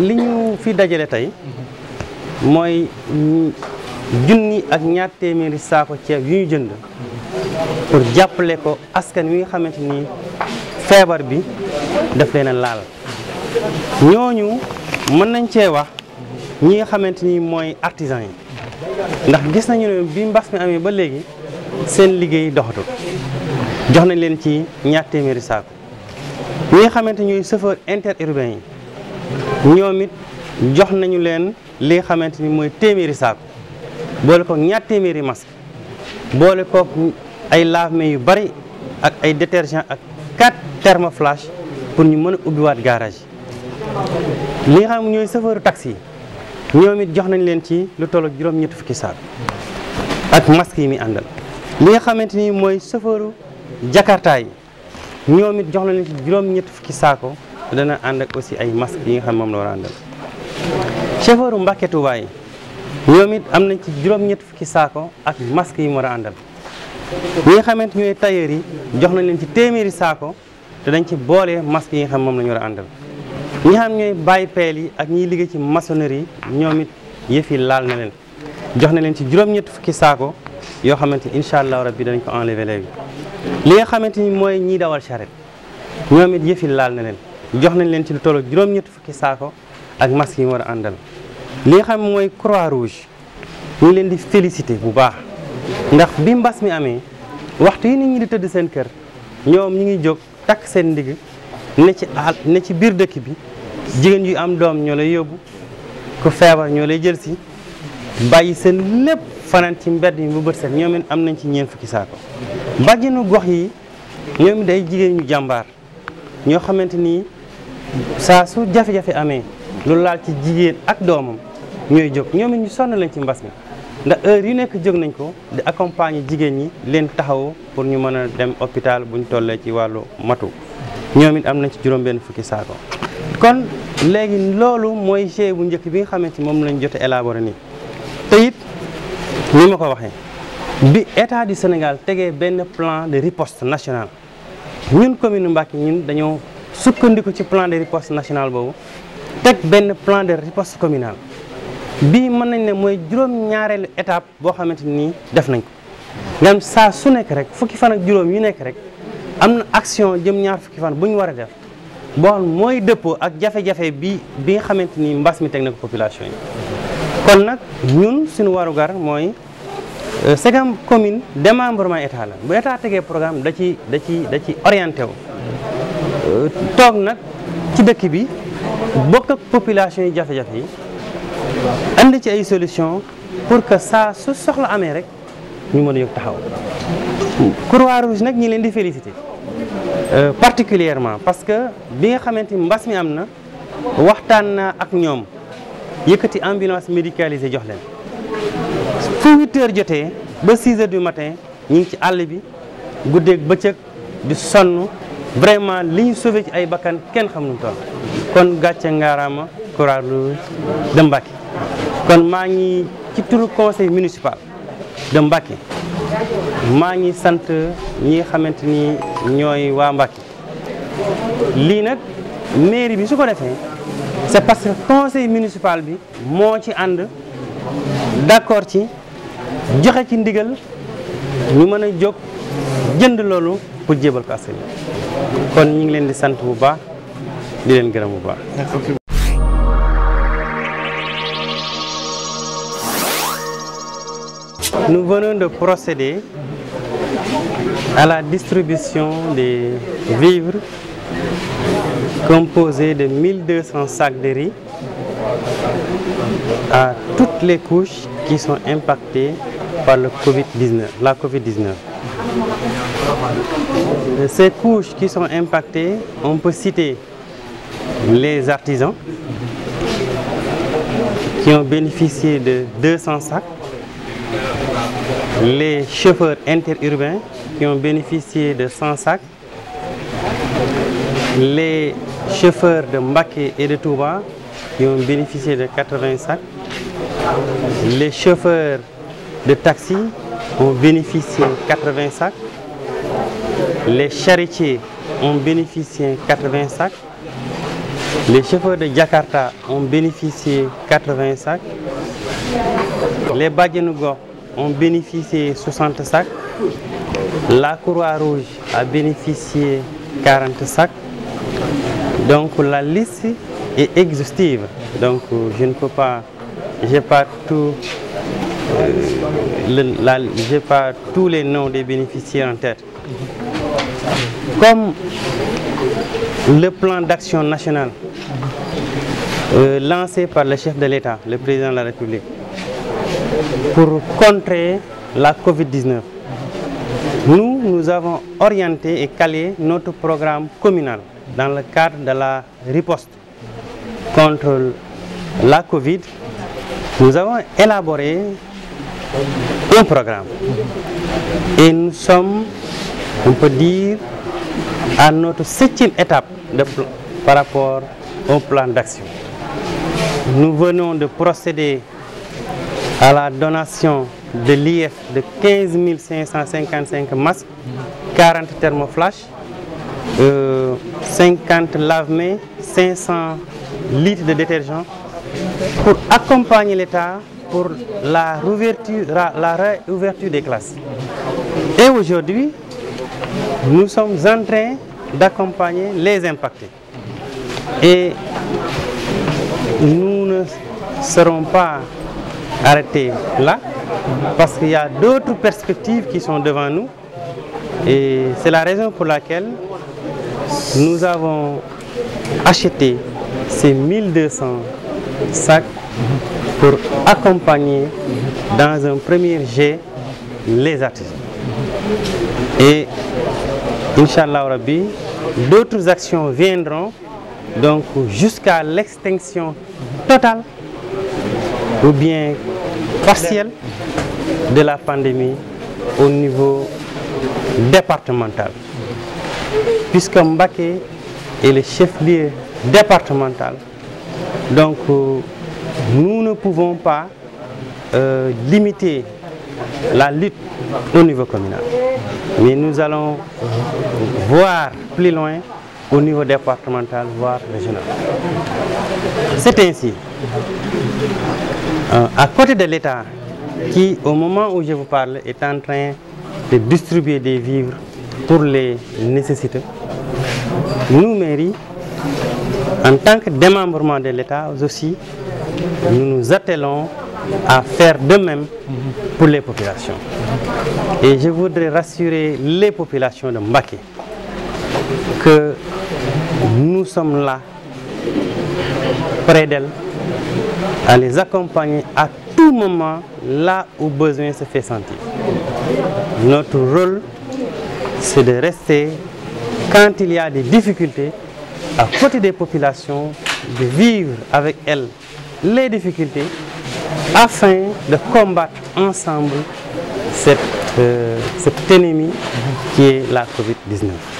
li ñu fi dajale tey mooy junni ak ñaar téeméeri saako ceeb yu ñu jënd pour jàppale ko askan wi nga xamante ni feebar bi daf leen laal ñooñu mën nañ cee wax ñi nga xamante ni mooy artisan yi ndax gis nañu ne bi mbas mi amee ba léegi seen liggéey doxatul jox nañ leen ci ñaar téeméeri saako ñi nga xamante ñooy chauffeur interurbain yi ñoom it jox nañu leen li nga xamante ni mooy téeméeri saako boole ko ñaar téeméeri masque boole ko ay lave-mains yu bari ak ay détergent ak quatre termoflage pour ñu mën a ubbiwaat garage yi li xam ñooy chauffeuru taxi ñoom it jox nañ leen ci lu tollu juróom-ñetti fukki saako ak masque yi muy àndal li nga xamante ni mooy chauffeuru jakarta ñoom it jox nañ leen ci juróom-ñetti fukki saako dana ànd ak aussi ay masques yi nga xam moom la war a àndal chauffeur u Mbàkke ñoom it am nañ ci juróom-ñett fukki saako ak masques yi war àndal ñi nga xamante ñooy tailleur jox nañ leen ci téeméeri saako te ci boole masques yi nga xam moom la war a àndal ñi nga xam ñooy bàyyi peel yi ak ñiy liggéey ci maçonnerie yi ñoom it yëf laal na leen jox na leen ci juróom-ñett fukki saako yoo xamante ni incha allah rabbi danañ ko en enlever léegi li nga xamante ni mooy ñiy dawal charrette ñoom it laal na leen jox nañ leen ci lu tollu juróom-ñetti fukki saako ak masques yi war a àndal li xam mooy croix rouge ñu leen di félicité bu baax ndax bi mbas mi amee waxtu yi nit ñi di tëdd seen kër ñoom ñi ngi jóg takk seen ndigg ne ci àll ne ci biir dëkk bi jigéen yu am doom ñoo lay yóbbu ku feebar ñoo lay jël si bàyyi seen lépp fanaan ci mbedd yi bu bët set ñoom it am nañ ci ñeent fukki saako bàjjenu gox yi ñoom it day jigéen ñu jàmbaar ñoo xamante ni saa su jafe-jafe amee lu laal ci jigéen ak doomam ñooy jóg ñoom it ñu sonn lañ ci mbas mi ndax heure yu nekk jóg nañ ko di accompagner jigéen ñi leen taxaw pour ñu mën a dem hôpital buñ tollee ci wàllu matu ñoom it am nañ ci juróom-benn fukki saako. kon léegi loolu mooy GIE bu njëkk bi nga xamante ni moom lañ jote a élaboré nii te it ni ma ko waxee bi état du Sénégal tegee benn plan de riposte nationale ñun commune Mbacké ñun dañoo. sukkandiku ci plan de riposte national boobu teg benn plan de riposte communal bii mën nañ ne mooy juróom-ñaareelu étape boo xamante nii def nañ ko nga am saa su nekk rek fukki fan ak juróom yu nekk rek am na action jëm ñaar fukki fan bu ñu war a def boo xam mooy dëppoo ak jafe bi bi nga xamante ni mbas mi teg na ko population yi kon nag ñun suñu warugar mooy euh, segam commune démembrement état la bu état tegee programme da ci da ci da ci orienté wu toog nag ci dëkk bi bokk ak population yi jafe-jafe yi andi ci ay solution pour que saa su soxla amee rek ñu mën a yóg taxaw Croix-Rouge nag ñi leen di féliciter euh, particulièrement parce que bi nga xamante ni mbas mi am na waxtaan naa ak ñoom yëkkati ambulance médicalisée jox leen fu huit heures jotee ba six heures du matin ñu ngi ci àll bi guddeeg bëccëg di sonn vraiment li ñu sauvé ci ay bakkan kenn xam nu kon gàcce ngaaraama Croix-Rouge de kon maa ngi ci turu conseil municipal de Mbacké maa ngi sant ñi nga xamante ni ñooy waa Mbacké lii nag mairie bi su ko defee c'est parce que conseil municipal bi moo ci ànd d'accord ci joxe ci ndigal ñu mën a jóg jënd loolu pour jébal ko askan kon ñu ngi leen di sant bu baax di leen gërëm bu baax. Nous venons de procéder à la distribution des vivres composés de 1200 sacs de riz à toutes les couches qui sont impactées par le covid la COVID-19. Euh, ces couches qui sont impactées, on peut citer les artisans qui ont bénéficié de 200 sacs, les chauffeurs interurbains qui ont bénéficié de 100 sacs, les chauffeurs de Mbaké et de Touba qui ont bénéficié de 80 les chauffeurs de taxi ont bénéficié 80 sacs. Les charretiers ont bénéficié 80 Les chauffeurs de Jakarta ont bénéficié 80 sacs. Les Badjanougor ont bénéficié 60 sacs. La Croix-Rouge a bénéficié 40 sacs. Donc la liste est exhaustive. Donc je ne peux pas, j'ai pas je n'ai pas les noms des bénéficiaires Comme le plan d'action national euh, par le chef de l'État, le président de la la COVID-19, nous, nous avons orienté et programme communal dans le cadre de la riposte un programme. Et nous sommes, on peut dire, à notre septième étape de plan, par rapport au plan d'action. Nous venons de procéder à la donation de l'IF de 15 555 masques, 40 thermoflash, euh, 50 lave-mains, 500 litres de détergent pour accompagner l'État pour la réouverture, la réouverture des classes. Et aujourd'hui, nous sommes en train d'accompagner les impactés. Et nous ne serons pas arrêtés là, parce qu'il y a d'autres perspectives qui sont devant nous. Et c'est la raison pour laquelle nous avons acheté ces 1200 sacs pour accompagner dans un premier jet les artistes. Et Inch'Allah Rabbi, d'autres actions viendront donc jusqu'à l'extinction totale ou bien partielle de la pandémie au niveau départemental. Puisque Mbaké est le chef-lieu départemental, donc euh, Nous ne pouvons pas euh, limiter la lutte au niveau communal. Mais nous allons voir plus loin au niveau départemental, voire régional. C'est ainsi. Euh, à côté de l'État, qui au moment où je vous parle est en train de distribuer des vivres pour les nécessités, nous, mairie, en tant que démembrement de l'État aussi, nous nous attelons à faire de même pour les populations. Et je voudrais rassurer les populations de Mbacké que nous sommes là, près d'elles, à les accompagner à tout moment, là où besoin se fait sentir. Notre rôle, c'est de rester, quand il y a des difficultés, à côté des populations, de vivre avec elles les difficultés afin de combattre ensemble cette, euh, cet ennemi qui est la COVID-19.